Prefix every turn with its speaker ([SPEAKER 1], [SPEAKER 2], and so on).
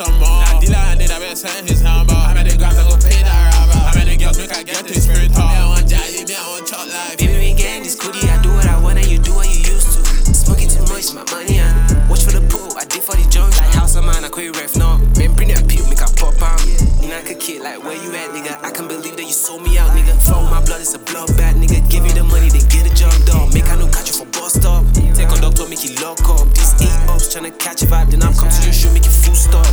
[SPEAKER 1] some more. Now dealer and then I been send his number. How many I go pay that robber? How many girls make I get
[SPEAKER 2] this spirit on? Me I want jolly, me I want chop life. Baby, we getting this cootie. I do what I want and you do what you used to. Smoking too much, my money on. Watch for the pool, I did for the junk. Like house of mine, I quit ref now. Man, bring that pill, make I pop out. You know I could like where you at, nigga. I can believe that you sold me out, nigga. my blood, it's a bloodbath, nigga. Give you the money, then get a job done. Make I no catch you for stop. Take make you lock up. These eight ups tryna catch a vibe, then I'm come to your show, make you full stop.